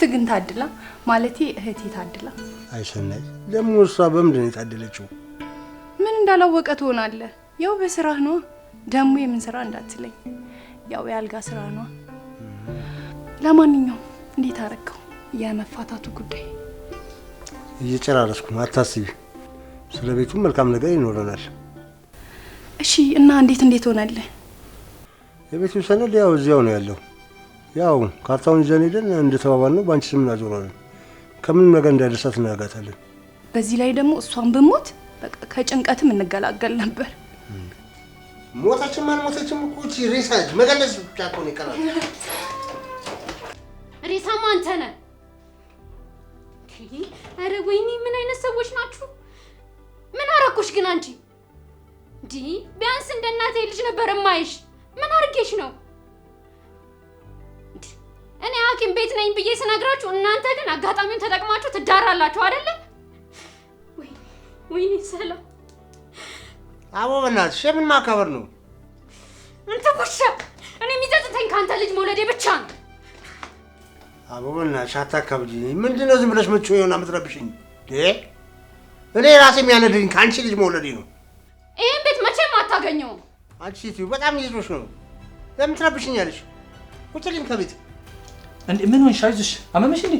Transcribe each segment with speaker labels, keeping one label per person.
Speaker 1: ሚስት ግን ታድላ ማለት እህቴ ታድላ።
Speaker 2: አይሰናይ ደግሞ እሷ በምንድን ነው የታደለችው?
Speaker 1: ምን እንዳላወቀ ትሆናለ ያው በስራህ ነዋ። ደግሞ የምን ስራ እንዳትለኝ፣ ያው የአልጋ ስራ ነዋ። ለማንኛውም እንዴት አረከው የመፋታቱ ጉዳይ?
Speaker 2: እየጨራረስኩ አታስቢ። ስለ ቤቱ መልካም ነገር ይኖረናል።
Speaker 1: እሺ እና እንዴት እንዴት ሆናለህ?
Speaker 2: የቤቱ ሰነድ ያው እዚያው ነው ያለው ያው ካርታውን ይዘን ሄደን እንደተባባል ነው በአንቺ ስም እናዞራለን። ከምንም ነገር እንዳይደርሳት እናጋታለን።
Speaker 1: በዚህ ላይ ደግሞ እሷን ብሞት ከጭንቀትም እንገላገል ነበር።
Speaker 2: ሞታችን ማን ሞታችን ኩቺ ሬሳ መገለጽ ብቻ እኮ ነው ይቀራል።
Speaker 1: ሬሳማ አንተ ነህ። ኧረ ወይኔ ምን አይነት ሰዎች ናችሁ? ምን አረኩሽ ግን አንቺ? ዲ ቢያንስ እንደ እናቴ ልጅ ነበር እማይሽ። ምን አርጌሽ ነው? እኔ ሐኪም ቤት ነኝ ብዬ ስነግራችሁ እናንተ ግን አጋጣሚውን ተጠቅማችሁ ትዳራላችሁ አይደለ? ወይኔ ሰላም
Speaker 2: አቦ፣ በእናትሽ የምን ማከበር ነው?
Speaker 1: አንተ ውሻ! እኔ የሚጸጽተኝ ከአንተ ልጅ መውለዴ ብቻ ነው።
Speaker 2: አቦ፣ በእናትሽ አታካብጂ። ምንድን ዝም ብለሽ ምቹ የሆነ የምትረብሽኝ? እኔ ራሴ የሚያነድኝ ከአንቺ ልጅ መውለዴ
Speaker 1: ነው። ይህን ቤት መቼም አታገኘውም።
Speaker 2: አንቺ ሴትዮ በጣም ይዞሽ ነው። ለምን ትረብሽኛለሽ? ውጭልኝ ከቤት
Speaker 3: እንዴ ምን ሆንሽ? አይዞሽ፣ አመመሽ እንዴ?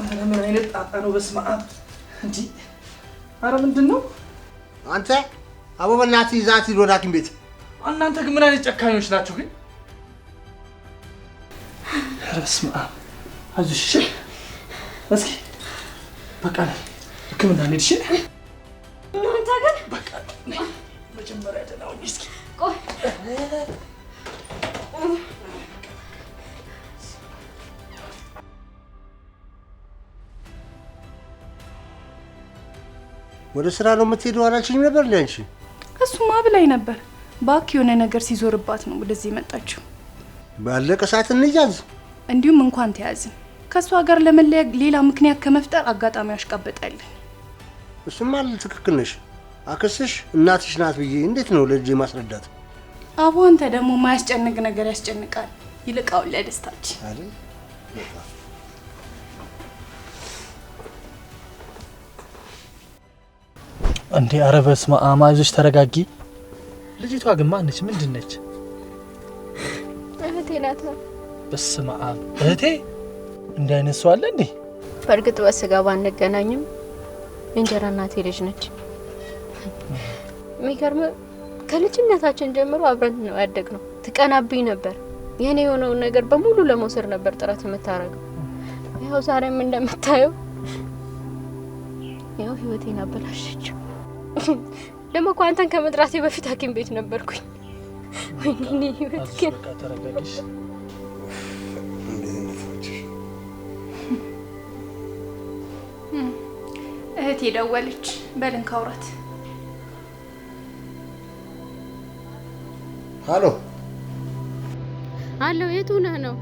Speaker 3: አረ ምን አይነት ጣጣ ነው! በስመ አብ እንዴ! አረ ምንድን ነው
Speaker 2: አንተ? አቦ በእናትህ ይዛት ሂድ ወደ ሐኪም ቤት።
Speaker 3: እናንተ ግን ምን አይነት ጨካኞች ናቸው ግን! አረ በስመ አብ። አይዞሽ፣ እሺ፣ እስኪ በቃ ሕክምና እንሂድ። እሺ፣ አንተ ግን በቃ መጀመሪያ ደህና ሁኚ እስኪ
Speaker 1: ቆይ
Speaker 2: ወደ ስራ ነው የምትሄደው አላልሽኝ ነበር? ሊያንቺ
Speaker 1: እሱማ ብላኝ ነበር። ባክ የሆነ ነገር ሲዞርባት ነው ወደዚህ የመጣችው።
Speaker 2: ባለቀ ሰዓት እንያዝ። እንዲሁም
Speaker 1: እንኳን ተያዝን ከእሷ ጋር ለመለያ ሌላ ምክንያት ከመፍጠር አጋጣሚ አሽቃበጣለን።
Speaker 2: እሱማ ትክክል ነሽ። አክስትሽ እናትሽ ናት ብዬ እንዴት ነው ለልጅ ማስረዳት?
Speaker 1: አቦ አንተ ደግሞ ማያስጨንቅ ነገር ያስጨንቃል። ይልቃውን ለደስታችን
Speaker 3: እንዴ! ኧረ በስመ አብ አይዞሽ፣ ተረጋጊ። ልጅቷ ግን ማነች? ምንድን ነች? እህቴ ናት። በስመ አብ እህቴ! እንዲህ አይነት ሰው አለ እንዴ!
Speaker 1: በእርግጥ በስጋ ባንገናኝም እንጀራ እናቴ ልጅ ነች። የሚገርም ከልጅነታችን ጀምሮ አብረን ነው ያደግነው። ትቀናብኝ ነበር። የኔ የሆነውን ነገር በሙሉ ለመውሰድ ነበር ጥረት የምታደርገው። ያው ዛሬም እንደምታየው ያው ህይወቴን አበላሸችው። ደግሞ እኮ አንተን ከመጥራቴ በፊት ሐኪም ቤት ነበርኩኝ። ወይኔ ህይወት ግን እህት የደወለች በልን ካውራት። አሎ አሎ፣ የት ሆነህ ነው?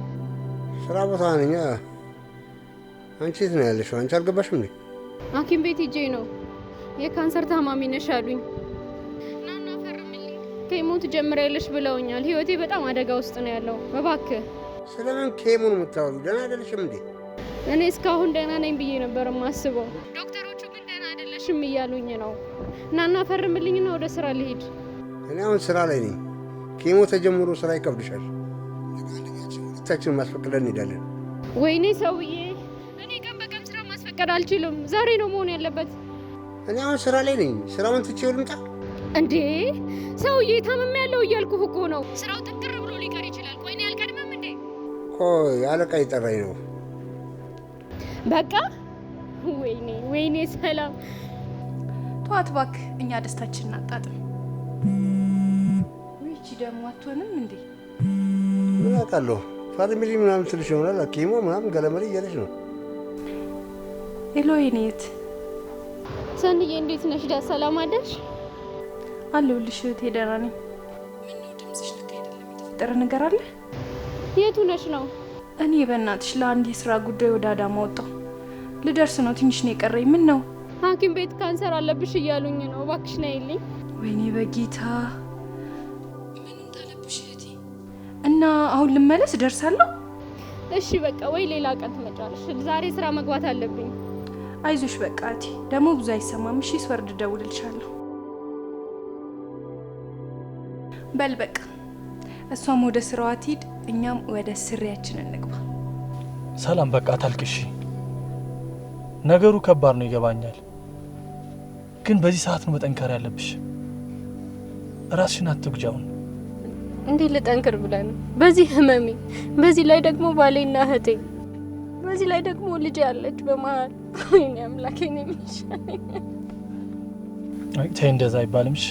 Speaker 2: ስራ ቦታ ነኝ። አንቺ የት ነው ያለሽው? አንቺ አልገባሽም እንዴ?
Speaker 1: ሐኪም ቤት ሂጄ ነው የካንሰር ታማሚ ነሽ አሉኝ።
Speaker 4: ናና ፈርምልኝ ኬሞን
Speaker 1: ትጀምሪያለሽ ብለውኛል። ህይወቴ በጣም አደጋ ውስጥ ነው ያለው።
Speaker 2: እባክህ ስለምን ኬሙን የምታወሪው? ደህና አይደለሽም እንዴ?
Speaker 1: እኔ እስካሁን ደህና ነኝ ብዬ ነበር የማስበው።
Speaker 4: ዶክተሮቹ ግን ደህና አይደለሽም እያሉኝ ነው። ናና ፈርምልኝና ወደ ስራ ልሄድ።
Speaker 2: እኔ አሁን ስራ ላይ ነኝ። ኬሞ ተጀምሮ ስራ ይከብድሻል። ሁለታችን ማስፈቀደን እንሄዳለን።
Speaker 1: ወይኔ ሰውዬ፣
Speaker 4: እኔ ቀን በቀን ስራ ማስፈቀድ አልችልም። ዛሬ ነው መሆን ያለበት።
Speaker 2: እኔ አሁን ስራ ላይ ነኝ። ስራውን ትቼው ልምጣ
Speaker 1: እንዴ? ሰውዬ ታመም ያለው እያልኩ እኮ ነው።
Speaker 4: ስራው ጥንቅር ብሎ ሊቀር ይችላል። ቆይ እኔ አልቀድምም እንዴ?
Speaker 2: ቆይ አለቃ ይጠራኝ ነው።
Speaker 1: በቃ ወይኔ ወይኔ፣ ሰላም ተዋት እባክህ። እኛ ደስታችን እናጣጥም። ይቺ ደግሞ አትሆንም እንዴ?
Speaker 2: ምን አውቃለሁ። ፋሚሊ ምናምን ትልሽ ይሆናል። ኪሞ ምናምን ገለመሪ እያለች ነው።
Speaker 1: ሄሎ የኔ የት
Speaker 4: ሰንዬ እንዴት ነሽ? ዳ ሰላም አደርሽ?
Speaker 1: አለሁልሽ እህቴ ደህና ነኝ። የተፈጠረ ነገር አለ? የቱ ነሽ ነው? እኔ በእናትሽ ለአንድ የስራ ጉዳይ ወደ አዳማ ወጣሁ። ልደርስ ነው፣ ትንሽ ነው የቀረኝ።
Speaker 4: ምን ነው? ሐኪም ቤት ካንሰር አለብሽ እያሉኝ ነው፣ እባክሽ ነይልኝ።
Speaker 1: ወይኔ በጌታ
Speaker 4: ምን እንዳለብሽ
Speaker 1: እና አሁን ልመለስ? ደርሳለሁ።
Speaker 4: እሺ በቃ ወይ ሌላ ቀን ትመጫለሽ። ዛሬ ስራ መግባት አለብኝ።
Speaker 1: አይዞሽ በቃ እቴ፣ ደግሞ ብዙ አይሰማም። እሺ ስወርድ እደውልልሻለሁ። በል በቃ እሷም ወደ ስራዋ ትሂድ፣ እኛም ወደ ስሪያችን እንግባ።
Speaker 3: ሰላም በቃ ታልቅሺ። ነገሩ ከባድ ነው ይገባኛል፣ ግን በዚህ ሰዓት ነው መጠንከር ያለብሽ። ራስሽን አትጉጃውን።
Speaker 1: እንዴት ልጠንክር ብለን በዚህ ህመሜ፣ በዚህ ላይ ደግሞ ባሌና እህቴ በዚህ ላይ ደግሞ ልጅ ያለች በመሀል ወይኔ አምላኬ ነው የሚሻለኝ።
Speaker 3: ተይ እንደዛ አይባልምሽ።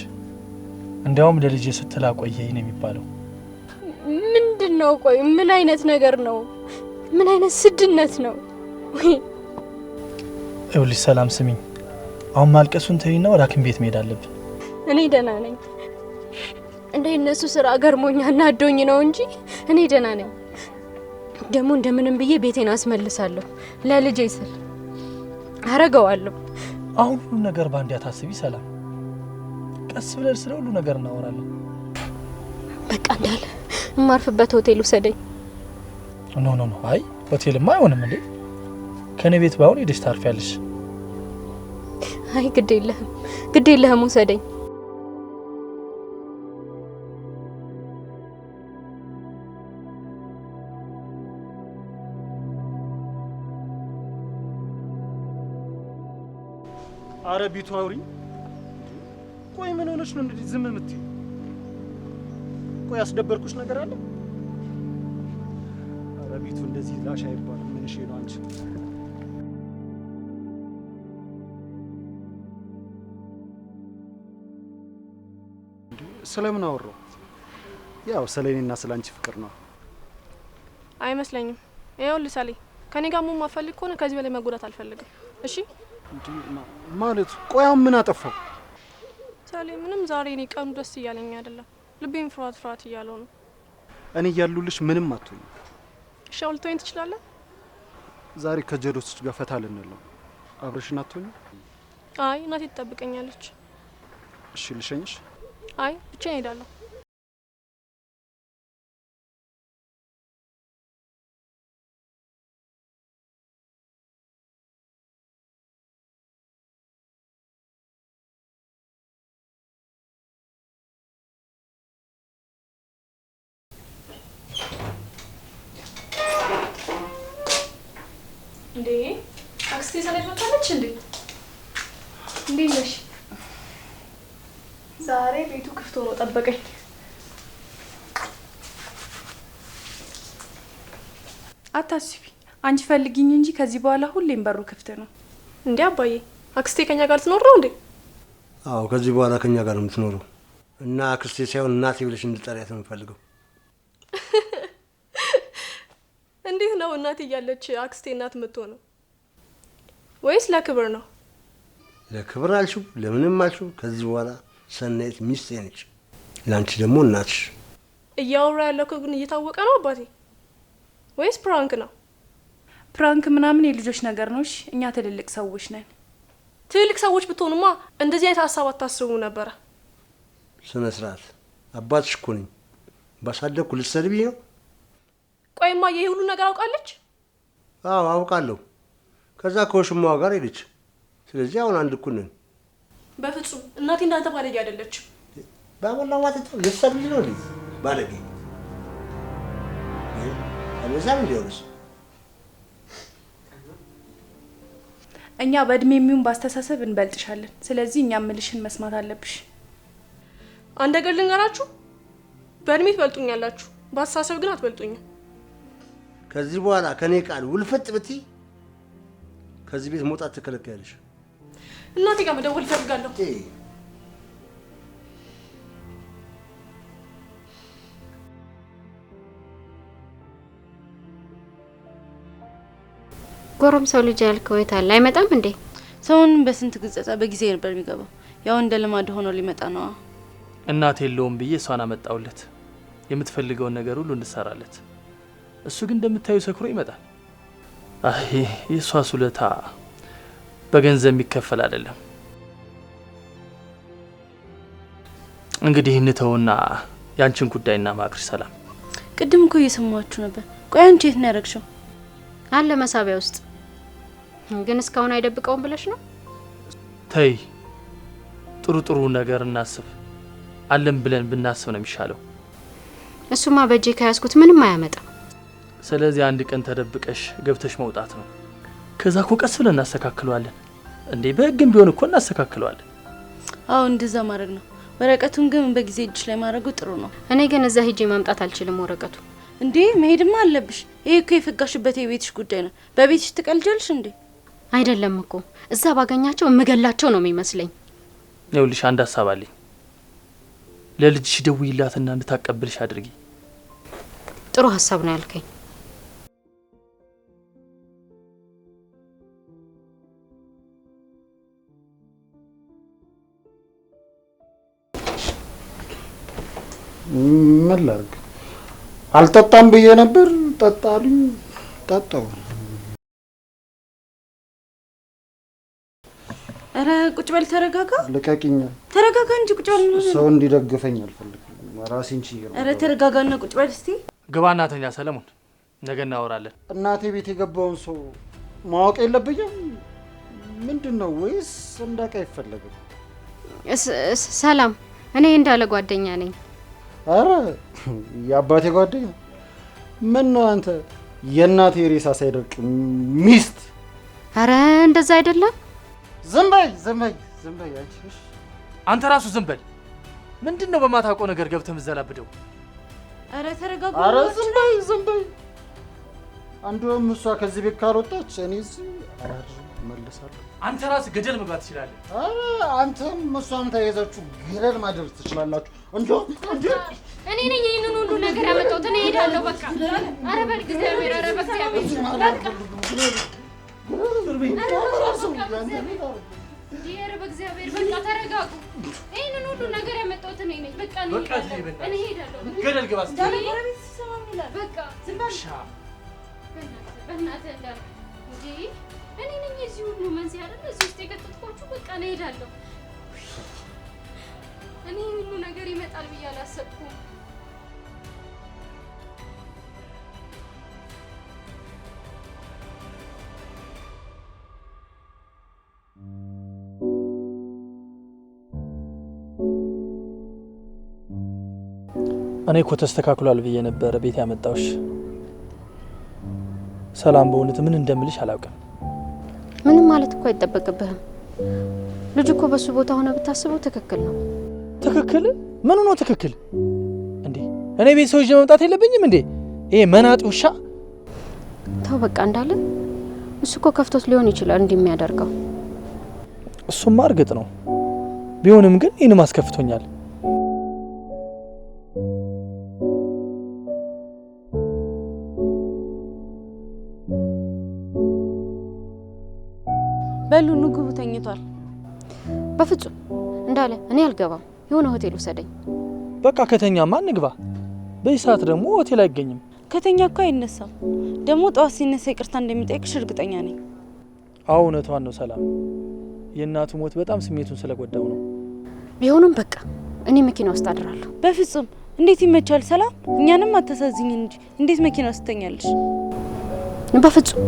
Speaker 3: እንዲያውም ለልጅ ስትል አቆየኝ ነው የሚባለው።
Speaker 1: ምንድን ነው ቆይ? ምን አይነት ነገር ነው? ምን አይነት ስድነት ነው?
Speaker 3: ይኸውልሽ ሰላም ስሚኝ፣ አሁን ማልቀሱን ተይና ወደ ሐኪም ቤት መሄድ
Speaker 1: አለብን። እኔ ደህና ነኝ። እንደ እነሱ ስራ ገርሞኛ እናዶኝ ነው እንጂ እኔ ደህና ነኝ። ደግሞ እንደምንም ብዬ ቤቴን አስመልሳለሁ ለልጄ ስል አረገዋለሁ። አሁን
Speaker 3: ሁሉ ነገር በአንድ አታስቢ ሰላም። ቀስ ብለን ስለ ሁሉ ነገር እናወራለን።
Speaker 1: በቃ እንዳለ የማርፍበት ሆቴል ውሰደኝ።
Speaker 3: ኖ ኖ ኖ፣ አይ ሆቴልማ አይሆንም እንዴ! ከእኔ ቤት ባይሆን ሄደሽ ታርፊያለሽ።
Speaker 1: አይ ግድ የለህም፣ ግድ የለህም፣ ውሰደኝ።
Speaker 3: አረ ቢቱ አውሪ። ቆይ ምን ሆነች ነው እንዴ ዝም የምትይ? ቆይ ያስደበርኩሽ ነገር አለ? አረ ቢቱ እንደዚህ ላሽ አይባልም። ምን እሺ ነው አንቺ ስለምን አወራው? ያው ስለ እኔና ስለ አንቺ ፍቅር ነው።
Speaker 1: አይመስለኝም። ይኸውልህ ሳሌ፣ ከኔ ጋር ምን ማፈልግ ከሆነ ከዚህ በላይ መጎዳት አልፈልግም። እሺ
Speaker 3: ማለት ቆያ ምን አጠፋው?
Speaker 1: ምሳሌ ምንም ዛሬ እኔ ቀኑ ደስ እያለኝ አይደለም። ልቤን ፍርሃት ፍርሃት እያለው ነው።
Speaker 3: እኔ እያሉልሽ ምንም አትሆኝ።
Speaker 1: እሺ፣ አውልተወኝ ትችላለህ።
Speaker 3: ዛሬ ከጀዶች ጋር ፈታ ልንለው ነው። አብረሽን አትሆኝ?
Speaker 1: አይ፣ እናቴ ትጠብቀኛለች።
Speaker 3: እሺ፣ ልሸኝሽ። አይ፣
Speaker 1: ብቻ እሄዳለሁ። እንዴ አክስቴ ሰነድ መታለች እንዴ? እንዴት ነሽ? ዛሬ ቤቱ ክፍት ሆኖ ጠበቀኝ። አታስቢ፣ አንቺ ፈልግኝ እንጂ ከዚህ በኋላ ሁሌም በሩ ክፍት ነው። እንዴ አባዬ፣ አክስቴ ከኛ ጋር ትኖር ነው እንዴ?
Speaker 2: አዎ፣ ከዚህ በኋላ ከኛ ጋር ነው የምትኖረው እና አክስቴ ሳይሆን እናቴ ብለሽ እንድጠሪያት ነው የምፈልገው።
Speaker 1: እንዴት ነው እናት እያለች አክስቴ እናት ነው ወይስ ለክብር ነው?
Speaker 2: ለክብር አልሽው፣ ለምንም አልሽው። ከዚህ በኋላ ሰናይት ሚስቴ ነች፣ ለአንቺ ደግሞ እናትሽ።
Speaker 1: እያወራ ያለው ግን እየታወቀ ነው አባቴ፣ ወይስ ፕራንክ ነው? ፕራንክ ምናምን የልጆች ነገር ነው። እሺ እኛ ትልልቅ ሰዎች ነን። ትልልቅ ሰዎች ብትሆኑማ እንደዚህ አይነት ሀሳብ አታስቡ ነበረ።
Speaker 2: ስነ ስርዓት አባትሽ እኮ ነኝ። ባሳደግኩ ነው
Speaker 1: ቆይማ ይሄ ሁሉ ነገር አውቃለች?
Speaker 2: አዎ አውቃለሁ። ከዛ ከወሽማዋ ጋር ሄደች። ስለዚህ አሁን አንድ እኩል ነን።
Speaker 1: በፍጹም እናቴ እንዳንተ ባለጌ አይደለችም።
Speaker 2: በአበላዋ ትተው የሳብ ልጅ ነው ልጅ ባለጌ አለዛም እንዲሆንስ
Speaker 1: እኛ በእድሜ የሚሆን ባስተሳሰብ እንበልጥሻለን። ስለዚህ እኛ ምልሽን መስማት አለብሽ። አንድ ነገር ልንገራችሁ፣ በእድሜ ትበልጡኛላችሁ፣ በአስተሳሰብ ግን አትበልጡኝም።
Speaker 2: ከዚህ በኋላ ከኔ ቃል ውልፍጥ ብቲ ከዚህ ቤት መውጣት ትከለከያለሽ።
Speaker 1: እናቴ ጋር መደወል እፈልጋለሁ። ሰው ልጅ ያልከው የት አለ? አይመጣም እንዴ? ሰውን በስንት ግጸጻ በጊዜ ነበር የሚገባው። ያው እንደ ልማድ ሆኖ ሊመጣ ነዋ።
Speaker 3: እናት የለውም ብዬ እሷን አመጣውለት የምትፈልገውን ነገር ሁሉ እንድሰራለት እሱ ግን እንደምታዩ ሰክሮ ይመጣል። አይ የእሷ ውለታ በገንዘብ የሚከፈል አይደለም። እንግዲህ እንተውና ያንቺን ጉዳይና ማቅሪ ሰላም።
Speaker 1: ቅድም እኮ እየሰማችሁ ነበር። ቆይ አንቺ የት ነው ያደረግሽው? አለ መሳቢያ ውስጥ ግን እስካሁን አይደብቀውም ብለሽ ነው?
Speaker 3: ተይ ጥሩ ጥሩ ነገር እናስብ። አለን ብለን ብናስብ ነው የሚሻለው።
Speaker 1: እሱማ በእጄ ከያዝኩት ምንም አያመጣም።
Speaker 3: ስለዚህ አንድ ቀን ተደብቀሽ ገብተሽ መውጣት ነው። ከዛ እኮ ቀስ ብለን እናስተካክለዋለን። እንዴ በህግም ቢሆን እኮ እናስተካክለዋለን።
Speaker 1: አዎ እንደዛ ማድረግ ነው። ወረቀቱን ግን በጊዜ እጅ ላይ ማድረጉ ጥሩ ነው። እኔ ግን እዛ ሄጄ ማምጣት አልችልም። ወረቀቱ እንዴ መሄድማ አለብሽ። ይሄ እኮ የፈጋሽበት የቤትሽ ጉዳይ ነው። በቤትሽ ትቀልጃልሽ እንዴ? አይደለም እኮ እዛ ባገኛቸው የምገላቸው ነው የሚመስለኝ።
Speaker 3: ይኸውልሽ አንድ ሀሳብ አለኝ። ለልጅሽ ደውዪላትና እንድታቀብልሽ አድርጊ።
Speaker 1: ጥሩ ሀሳብ ነው ያልከኝ።
Speaker 2: ምን ላድርግ? አልጠጣም ብዬ ነበር፣ ጠጣልኝ፣ ጠጣው።
Speaker 1: ኧረ ቁጭ በል ተረጋጋ።
Speaker 2: ልቀቂኝ። ተረጋጋ
Speaker 1: እንጂ ቁጭ በል።
Speaker 2: ሰው እንዲደግፈኝ አልፈልግም። ራሴን
Speaker 1: ችዬ ነው። ኧረ ተረጋጋና ቁጭ በል እስቲ።
Speaker 3: ግባ እናተኛ ሰለሞን፣ ነገ
Speaker 2: እናወራለን። እናቴ ቤት የገባውን ሰው ማወቅ የለብኝም ምንድን ነው ወይስ እንዳውቅ አይፈለግም?
Speaker 1: ሰላም፣ እኔ እንዳለ ጓደኛ ነኝ
Speaker 2: አረ የአባቴ ጓደኛ ምን ነው አንተ የእናቴ ሬሳ ሳይደርቅ ሚስት?
Speaker 1: አረ እንደዛ አይደለም።
Speaker 2: ዝም በይ ዝም በይ ዝም በይ አንቺ።
Speaker 3: አንተ ራሱ ዝም በል። ምንድን ነው በማታውቀው ነገር ገብተህ የምዘላብደው?
Speaker 1: አረ ተረጋጉ። አረ
Speaker 2: ዝም በይ ዝም በይ። አንዱም እሷ ከዚህ ቤት ካልወጣች እኔ እዚህ
Speaker 3: እመለሳለሁ። አንተ ራስህ ገደል መግባት
Speaker 2: ትችላለህ። አንተም እሷም ተያይዛችሁ ገደል ማደር ትችላላችሁ። እንደው
Speaker 1: እኔ ነኝ ይህንን ሁሉ ነገር ያመጣሁት። እኔ እሄዳለሁ። በቃ ኧረ በእግዚአብሔር ኧረ በእግዚአብሔር በቃ ተረጋጉ። ይህንን ሁሉ ነገር ያመጣሁት እኔ ነኝ። በቃ
Speaker 3: እኔ እሄዳለሁ። ገደል ግባ በቃ
Speaker 1: በእናትህ እንዳልኩህ እንጂ እኔ ነኝ የዚህ ሁሉ መንስኤ አይደለ? እዚህ ውስጥ የከተትኳችሁ። በቃ ነው እሄዳለሁ። እኔ ሁሉ ነገር ይመጣል ብዬ አላሰብኩም።
Speaker 3: እኔ እኮ ተስተካክሏል ብዬ ነበረ ቤት ያመጣውሽ። ሰላም፣ በእውነት ምን እንደምልሽ አላውቅም።
Speaker 1: ምንም ማለት እኮ አይጠበቅብህም። ልጅ እኮ በሱ ቦታ ሆነ ብታስበው ትክክል ነው።
Speaker 3: ትክክል ምን ነው ትክክል እንዴ? እኔ ቤት ሰው ይዤ መምጣት የለብኝም እንዴ? ይሄ መናጢ ውሻ።
Speaker 1: ተው በቃ እንዳለ እሱ እኮ ከፍቶት ሊሆን ይችላል እንዲህ የሚያደርገው።
Speaker 3: እሱማ እርግጥ ነው ቢሆንም ግን ይህንም አስከፍቶኛል።
Speaker 1: በፍጹም እንዳለ እኔ አልገባም። የሆነ ሆቴል ውሰደኝ።
Speaker 3: በቃ ከተኛማ እንግባ። በዚህ ሰዓት ደግሞ ሆቴል
Speaker 1: አይገኝም። ከተኛ እኮ አይነሳም። ደግሞ ጠዋት ሲነሳ ይቅርታ እንደሚጠይቅሽ እርግጠኛ ነኝ።
Speaker 3: አዎ እውነቷን ነው ሰላም። የእናቱ ሞት በጣም ስሜቱን ስለጎዳው
Speaker 1: ነው። ቢሆንም በቃ እኔ መኪና ውስጥ አድራለሁ። በፍጹም እንዴት ይመቻል ሰላም። እኛንም አታሳዝኝ እንጂ እንዴት መኪና ውስጥ ተኛለሽ? በፍጹም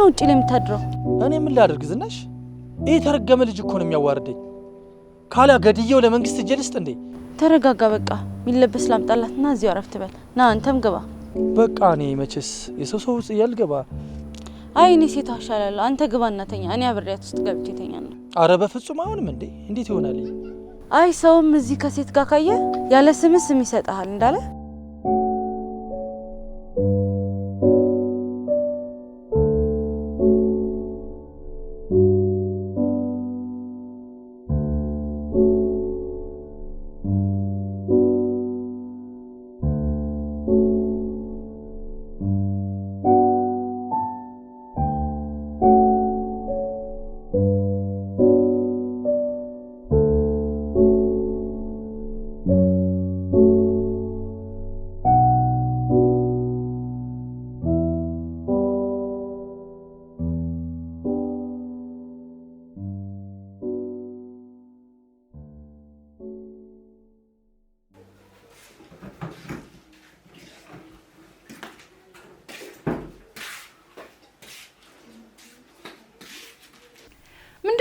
Speaker 1: ነው ውጭ ላይ የምታድረው?
Speaker 3: እኔ ምን ላድርግ ዝናሽ፣ ይህ የተረገመ ልጅ እኮ ነው የሚያዋርደኝ። ካላ ገድየው ለመንግስት እጄ ልስጥ
Speaker 1: እንዴ? ተረጋጋ። በቃ የሚለበስ ላምጣላት እዚ እዚሁ አረፍ በል ና አንተም
Speaker 3: ግባ። በቃ እኔ መቼስ የሰው ሰው ውስጥ እያልገባ
Speaker 1: አይ እኔ ሴት አሻላለሁ። አንተ ግባ እናተኛ፣ እኔ አብሬያት ውስጥ ገብቼ
Speaker 3: ተኛ ነው። አረ በፍጹም አሁንም፣ እንዴ እንዴት ይሆናል?
Speaker 1: አይ ሰውም እዚህ ከሴት ጋር ካየ ያለ ስም ስም እንዳለ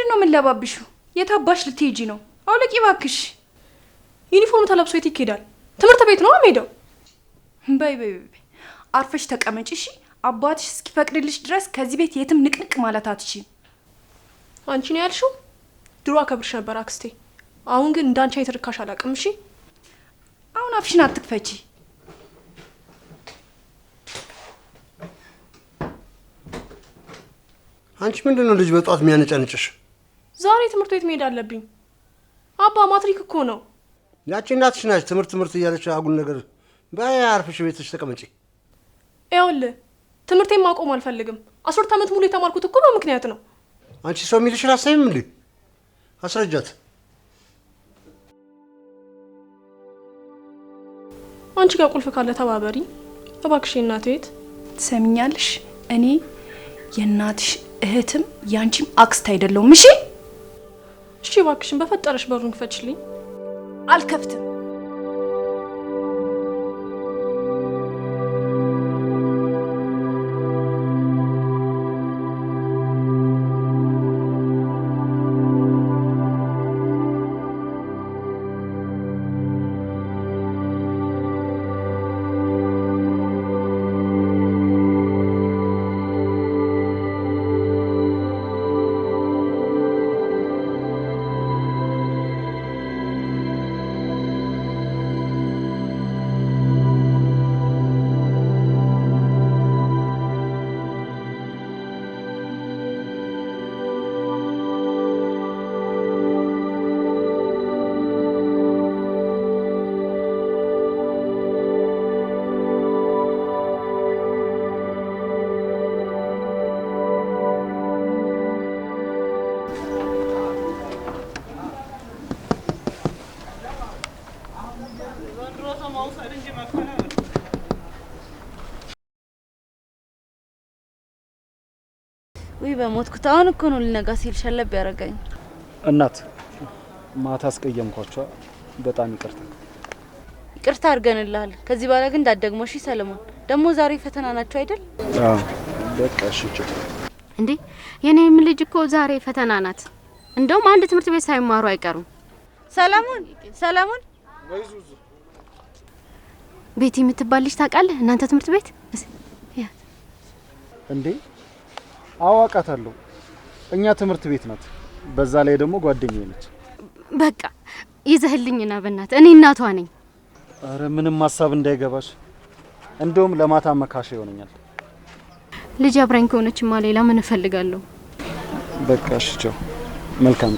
Speaker 1: ነው የምንለባብሹ? የታባሽ ልትሄጂ ነው? አውልቂ እባክሽ። ዩኒፎርም ተለብሶ የት ይሄዳል? ትምህርት ቤት ነው ሄደው በይ በይ በይ አርፈሽ ተቀመጭ እሺ። አባትሽ እስኪፈቅድልሽ ድረስ ከዚህ ቤት የትም ንቅንቅ ማለት አትች አንቺ ነው ያልሽው? ድሮ አከብርሽ ነበር አክስቴ። አሁን ግን እንዳንቺ የተርካሽ አላቅም እሺ አሁን አፍሽን አትክፈቺ።
Speaker 2: አንቺ ምንድን ነው ልጅ በጠዋት የሚያነጫንጭሽ?
Speaker 1: ዛሬ ትምህርት ቤት መሄድ አለብኝ። አባ ማትሪክ እኮ ነው።
Speaker 2: ያቺ እናትሽ ናች ትምህርት ትምህርት እያለች አጉል ነገር በአርፍሽ ቤትሽ ተቀመጪ።
Speaker 1: ይኸውልህ ትምህርቴን ማቆም አልፈልግም። አስርት ዓመት ሙሉ የተማርኩት እኮ በምክንያት ነው።
Speaker 2: አንቺ ሰው የሚልሽ ላሳይም እንዴ? አስረጃት።
Speaker 1: አንቺ ጋር ቁልፍ ካለ ተባበሪ እባክሽ። እናት ቤት ትሰሚኛለሽ? እኔ የእናትሽ እህትም ያንቺም አክስት አይደለሁም። እሺ እሺ እባክሽን በፈጠረሽ በሩን ክፈችልኝ። አልከፍትም። ውይ በሞትኩት። አሁን እኮ ነው ሊነጋ ሲል ሸለብ ያደረገኝ።
Speaker 3: እናት ማታ አስቀየምኳቸው፣ በጣም ይቅርታ።
Speaker 1: ይቅርታ አድርገንልሃል። ከዚህ በኋላ ግን እንዳትደግሞ እሺ። ሰለሞን ደግሞ ዛሬ ፈተና ናቸው አይደል? በቃ እሺ። እንዴ የኔም ልጅ እኮ ዛሬ ፈተና ናት። እንደውም አንድ ትምህርት ቤት ሳይማሩ አይቀሩም። ሰለሞን ሰለሞን፣ ቤቲ የምትባል ልጅ ታውቃለህ? እናንተ ትምህርት ቤት
Speaker 3: እንዴ አዋቃታለሁ። እኛ ትምህርት ቤት ናት። በዛ ላይ ደግሞ ጓደኛዬ ነች።
Speaker 1: በቃ ይዘህልኝና በእናትህ እኔ እናቷ ነኝ።
Speaker 3: አረ ምንም ሀሳብ እንዳይገባሽ። እንደውም ለማታ መካሻ ይሆነኛል።
Speaker 1: ልጅ አብራኝ ከሆነችማ ሌላ ምን እፈልጋለሁ?
Speaker 3: በቃ እሺ፣ ቻው። መልካም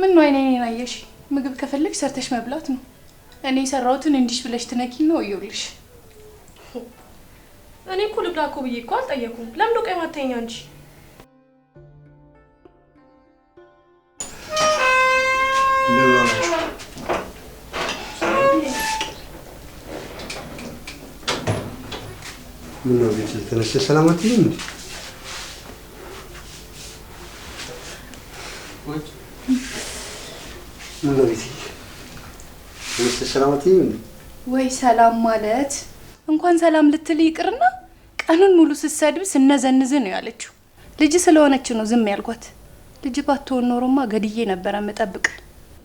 Speaker 1: ምን ነው አይኔን አየሽ? ምግብ ከፈለግሽ ሰርተሽ መብላት ነው። እኔ የሰራሁትን እንዲሽ ብለሽ ትነኪ ነው። እየውልሽ እኔ እኮ ልብላ እኮ ብዬ እኮ አልጠየኩም። ለምዶ ቀይ ማተኛ እንጂ
Speaker 2: ምነው ቤት ተነስቼ ሰላም እንዴ? ሰላማት ይሁን
Speaker 1: ወይ ሰላም ማለት እንኳን ሰላም ልትል ይቅርና ቀኑን ሙሉ ስትሰድብ ስነዘንዝ ነው ያለችው። ልጅ ስለሆነች ነው ዝም ያልኳት። ልጅ ባትሆን ኖሮማ ገድዬ ነበረ የምጠብቅ።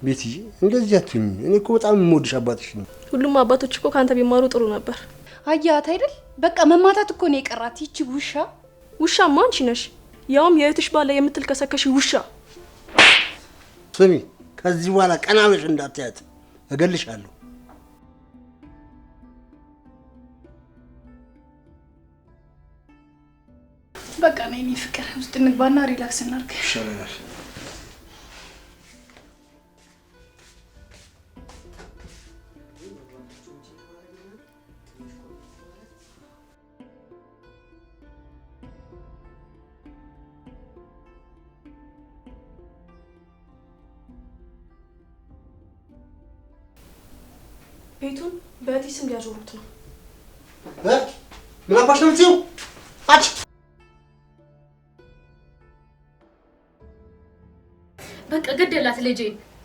Speaker 2: ቤትዬ እንደዚህ አትሁኝ። እኔ እኮ በጣም የምወድሽ
Speaker 1: አባትሽ ነው። ሁሉም አባቶች እኮ ከአንተ ቢማሩ ጥሩ ነበር። አያት አይደል? በቃ መማታት እኮ ነው የቀራት ይቺ ውሻ። ውሻ ማንቺ ነሽ፣ ያውም የእህትሽ ባለ የምትል ከሰከሽ ውሻ።
Speaker 2: ስሚ፣ ከዚህ በኋላ ቀናበሽ እንዳትያት እገልሻለሁ።
Speaker 1: በቃ ነው የኔ ፍቅር፣ ውስጥ እንግባና ሪላክስ እናድርግ ይሻለናል። ቤቱን በእህቴ ስም ሊያዞሩት ነው።
Speaker 2: ምን አባሽ ነው የምትይው?
Speaker 1: ገደላት፣ ልጄ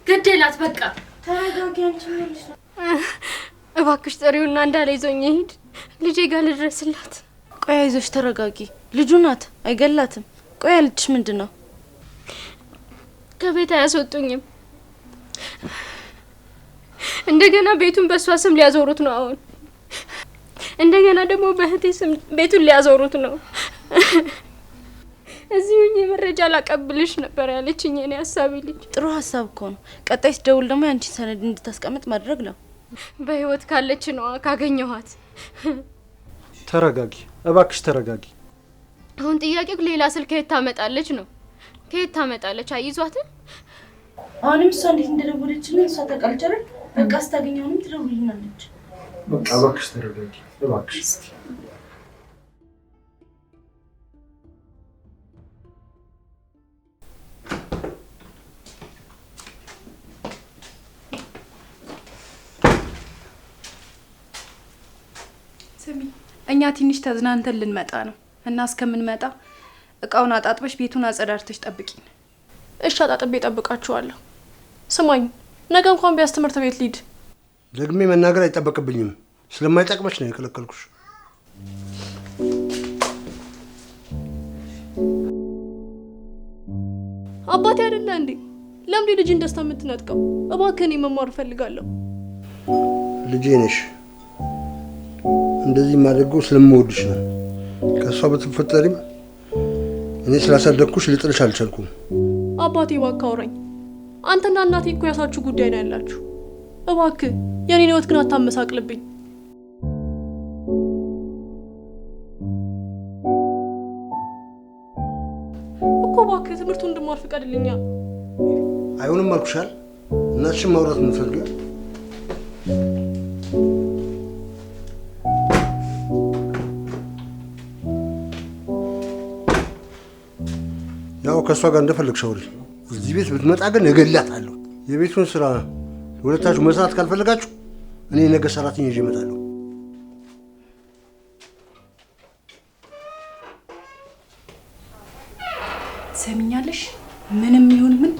Speaker 1: ገደላት።
Speaker 4: በቃ ተረጋጊ። አንቺ እባክሽ ጥሪውና እንዳለ ይዞኝ ይሄድ ልጄ ጋር
Speaker 1: ልድረስላት። ቆይ አይዞሽ፣ ተረጋጊ። ልጁ ናት፣ አይገላትም። ቆይ ያልችሽ ምንድን ነው?
Speaker 4: ከቤት አያስወጡኝም። እንደገና ቤቱን በእሷ ስም ሊያዞሩት ነው አሁን እንደገና ደግሞ በእህቴ ስም ቤቱን ሊያዞሩት ነው። እዚህ ሁኜ መረጃ ላቀብልሽ ነበር ያለችኝ የኔ ሀሳቢ
Speaker 1: ልጅ። ጥሩ ሀሳብ እኮ ነው። ቀጣይ ስደውል ደግሞ ያንቺን ሰነድ እንድታስቀምጥ ማድረግ ነው።
Speaker 4: በህይወት ካለች ነዋ ካገኘኋት።
Speaker 3: ተረጋጊ እባክሽ ተረጋጊ።
Speaker 1: አሁን ጥያቄው ሌላ ስል ከየት ታመጣለች ነው። ከየት ታመጣለች? አይዟትም። አሁንም እሷ እንዴት እንደደወለችልን እሷ ታውቃለች። በቃ ስታገኘ ትደውልናለች።
Speaker 2: በቃ እባክሽ ተረጋጊ እባክሽ።
Speaker 1: እኛ ትንሽ ተዝናንተን ልንመጣ ነው እና እስከምንመጣ እቃውን አጣጥበሽ ቤቱን አጸዳርተሽ ጠብቂን። እሺ፣ አጣጥቤ እጠብቃችኋለሁ። ስማኝ፣ ነገ እንኳን ቢያስ ትምህርት ቤት ሊድ
Speaker 2: ደግሜ መናገር አይጠበቅብኝም። ስለማይጠቅመች ነው የከለከልኩሽ።
Speaker 1: አባቴ አይደለ እንዴ? ለምንድን ልጅን ደስታ የምትነጥቀው? እባክህ እኔ መማር እፈልጋለሁ።
Speaker 2: ልጄ ነሽ። እንደዚህ የማደርገው ስለምወድሽ ነው። ከእሷ በተፈጠሪም እኔ ስላሳደግኩሽ ልጥልሽ አልቻልኩም።
Speaker 1: አባቴ እባክህ አውራኝ። አንተና እናቴ እኮ ያሳችሁ ጉዳይ ነው ያላችሁ። እባክህ የኔን ህይወት ግን አታመሳቅልብኝ። እኮ እባክህ ትምህርቱ እንድማር ፍቀድልኛ።
Speaker 2: አይሆንም አልኩሻል። እናትሽን ማውራት የምፈልገው ከእሷ ጋር እንደፈለግ አውሪ። እዚህ ቤት ብትመጣ ግን እገላታለሁ። የቤቱን ስራ ሁለታችሁ መስራት ካልፈለጋችሁ እኔ ነገ ሰራተኛ ይዤ እመጣለሁ።
Speaker 1: ሰሚኛለሽ? ምንም ይሁን ምን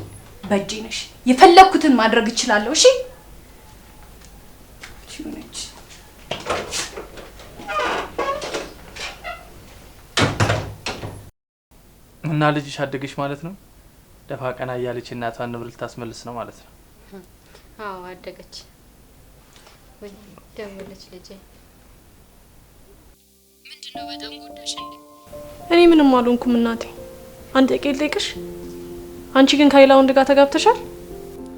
Speaker 1: በእጄ ነሽ። የፈለግኩትን ማድረግ እችላለሁ። እሺ
Speaker 3: እና ልጅሽ አደገች ማለት ነው። ደፋ ቀና እያለች እናቷን ንብረት ልታስመልስ ነው ማለት ነው።
Speaker 1: አዎ አደገች። ደወለች ልጄ። ምንድነው? በጣም ጎዳሽ እኔ ምንም አልሆንኩም እናቴ። አንድ ቄል ልጠይቅሽ። አንቺ ግን ከሌላ ወንድ ጋር ተጋብተሻል?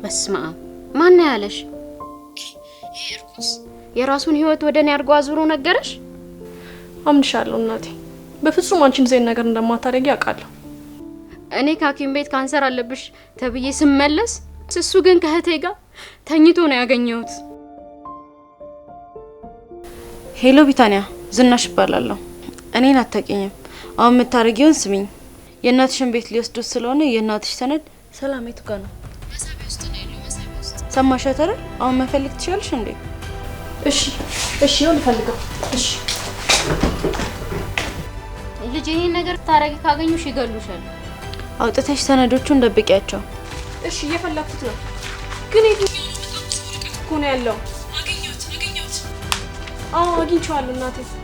Speaker 1: በስመ አብ ያለሽ? የራሱን ህይወት ወደ እኔ አድርጎ አዙሮ ነገረሽ። አምንሻለሁ እናቴ። በፍጹም አንቺን እንደዚህ ነገር እንደማታደርጊ አውቃለሁ። እኔ ከሐኪም ቤት ካንሰር አለብሽ ተብዬ ስመለስ እሱ ግን ከእህቴ ጋር ተኝቶ ነው ያገኘሁት። ሄሎ ቢታንያ፣ ዝናሽ እባላለሁ። እኔን አታውቂኝም። አሁን የምታደርጊውን ስሚኝ። የእናትሽን ቤት ሊወስዱት ስለሆነ የእናትሽ ሰነድ ሰላም የቱ ጋር ነው? ሰማሻት አይደል? አሁን መፈልግ ትችያለሽ እንዴ? እሺ፣ እሺ፣ ይሁን እፈልገው። እሺ ልጅ፣ ይህን ነገር ታረጊ ካገኙሽ ይገሉሻል። አውጥተሽ ሰነዶቹን ደብቂያቸው። እሺ፣ እየፈለኩት ነው። ግን የትኛው ነው ያለው?
Speaker 4: አገኘሁት፣ አገኘሁት።
Speaker 1: አዎ፣ አግኝቼዋለሁ እናቴ